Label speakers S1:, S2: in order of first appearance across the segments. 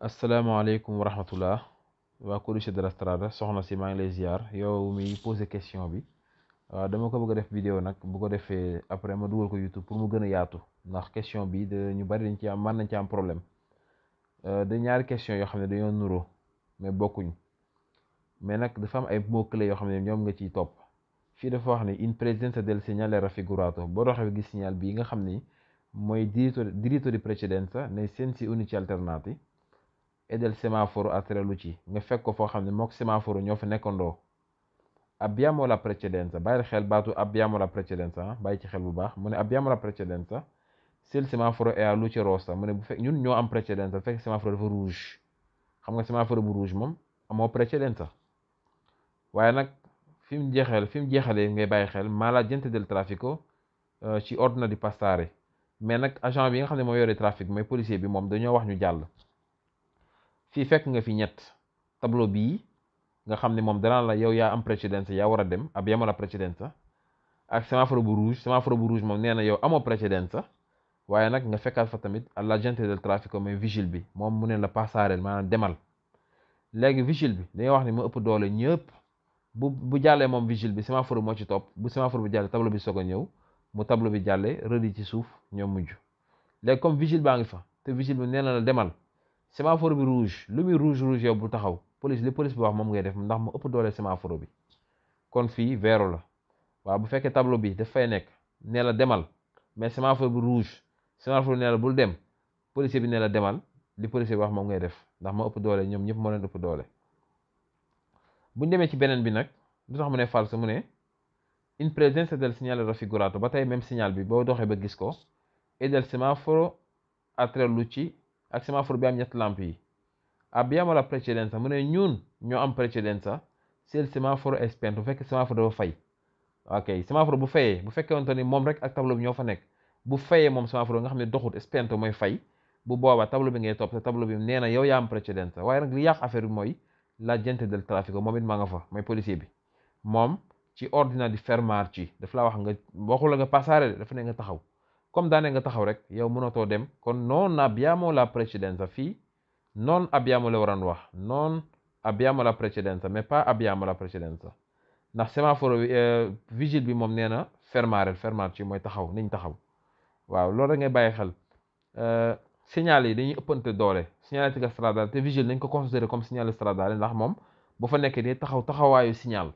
S1: asalaamaaleykum wa rahmatullah waa Codice de la Strada soxna si maa ngi lay ziar yow mi posé question bi waaw dama ko bëgg a def vidéo nag bu ko defee après ma dugal ko YouTube pour mu gën a yaatu ndax question bi dañu bari dañ ci am man nañ ci am problème euh, da ñaari question yoo xam ne dañoo nuroo mais bokkuñu mais nag dafa am ay mots clés yoo xam ne ñoom nga ciy topp fii dafa wax ni in presenza del segnale raffigurato boo doxee gis signal bii nga xam ni mooy diritto di precedenza nei sensi unici alternati edel semaforo ci nga fekk ko foo xam ne mook semaforo ñoo fa nekkandoo abbiamo la precedenza bàyyil xel baatu abbiamo la precedenza ah, bàyyi ci xel bu baax mu ne abbiamo la precedenza se il semaforo è ci luce sax mu ne bu fekk ñun ñoo am precedenza bu fekk semaforo dafa rouge xam nga semaforo bu rouge moom amoo precedenza waaye nag fi mu jeexal fi mu jeexalee ngay bàyyi xel ma la gente del traffico euh, ci ordine di passare mais nag agent bi nga xam ne moo yore trafic mooy policier bi moom dañoo wax ñu jàll fii fekk nga fi ñett tableau bii nga xam ne moom danaa la yow yaa am précédence yaa war a dem ab yamala précédence ak sémaphore bu rouge sémaphore bu rouge moom nee na yow amoo précédence waaye nag nga fekkaat fa tamit l'agente del trafico mais vigile bi moom mu nee na la passaareel maanaam demal léegi vigile bi dañuy wax ni mu ëpp doole ñëpp bu bu jàllee moom vigile bi sémaphore moo ci topp bu sémaphore bu jàllee tableau bi soog a ñëw mu tableau bi jàllee rëdd ci suuf ñoo mujj léegi comme vigile baa ngi fa te vigile bi nee na la demal sémaphore bi rouge lu muy rouge rouge yow bu taxaw police li police bi wax moom ngay def ndax mu ëpp doole sémaphore bi kon fii vert la waaw bu fekkee tableau bi daf fay nekk nee la demal mais sémaphore bi rouge sémaphore bi nee bul dem policier bi nee la demal li policier bi wax moom ngay def ndax ma ëpp doole ñoom ñëpp moo leen ëpp doole bu ñu demee ci beneen bi nag lu tax mu ne false mu ne in presenza del segnale raffigurato ba tey même signal bi boo doxee ba gis ko e del semaforo a ak sémaphore bi am ñett lampe yi abbiamo ah, la sa mu ne ñun ñoo am precedenza se il semaforo è spento bu fekk fekkee sémaphore dafa fay ok sémaphore bu fayee bu fekk wante ni moom rek ak tableau bi ñoo fa nekk bu fayee moom sémaphore nga xam ne doxut spento mooy fay bu boobaa tableau bi ngay topp te tableau bi nee na yow yaa am precedenza waaye nag li yàq affaire bi mooy la gente del traffico moom it maa nga fa mooy policier bi moom ci ordina di fermarci daf laa wax nga waxu la nga passare dafa ne nga taxaw comme daane nga taxaw rek yow mënatoo dem kon non abbiamo la precedenza fii non abbiamo la waroon wax non abbiamo la precedenza mais pas abbiamo la precedenza ndax sémaphore bi euh, vigile bi moom nee na fermarel fermar ci mooy taxaw niñ taxaw waaw loolu da ngay bàyyi xel euh, signal yi dañuy ëppante doole signalétique stradale te vigile nañ ko considéré comme signal stradale ndax moom bu fa nekk day taxaw taxawaayu signal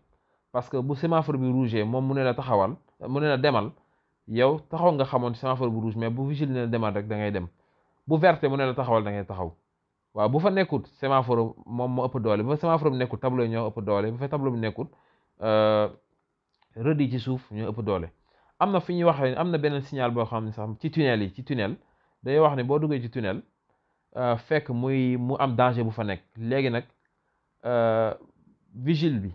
S1: parce que bu sémaphore bi rouge moom mu ne la taxawal mu ne demal yow taxaw nga xamoon sémaphore bu rouge mais bu vigile ne demal rek da ngay dem bu verte mu ne la taxawal da ngay taxaw waaw bu fa nekkut sémaphore moom moo ëpp doole bu fa sémaphore bi nekkut tableau yi ñoo ëpp doole bu fa tableau bi nekkut euh, rëdd yi ci suuf ñoo ëpp doole am na fi ñuy waxee am na beneen signal boo xam ne sax ci tunnel yi ci tunnel day wax ne boo duggee ci tunnel euh, fekk muy mu am danger bu fa nekk léegi nag euh, vigile bi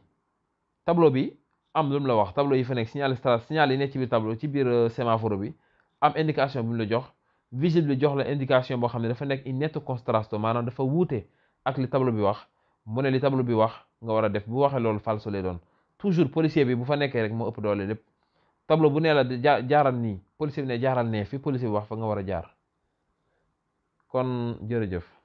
S1: tableau bi am lu mu la wax tableau yi fa nekk signal estrade signal yi nekk ci biir tableau ci biir euh, sémaphore bi am indication bu mu la jox vigile bi jox la indication boo xam ne dafa nekk une nette contraste maanaam dafa wuute ak li tableau bi wax mu ne li tableau bi wax nga war a def bu waxee loolu falso lay doon toujours policier bi bu fa nekkee rek moo ëpp doole lépp tableau bu nee la jaaral nii policier bi ne jaaral nee fi policier bi wax fa nga war a jaar kon jërëjëf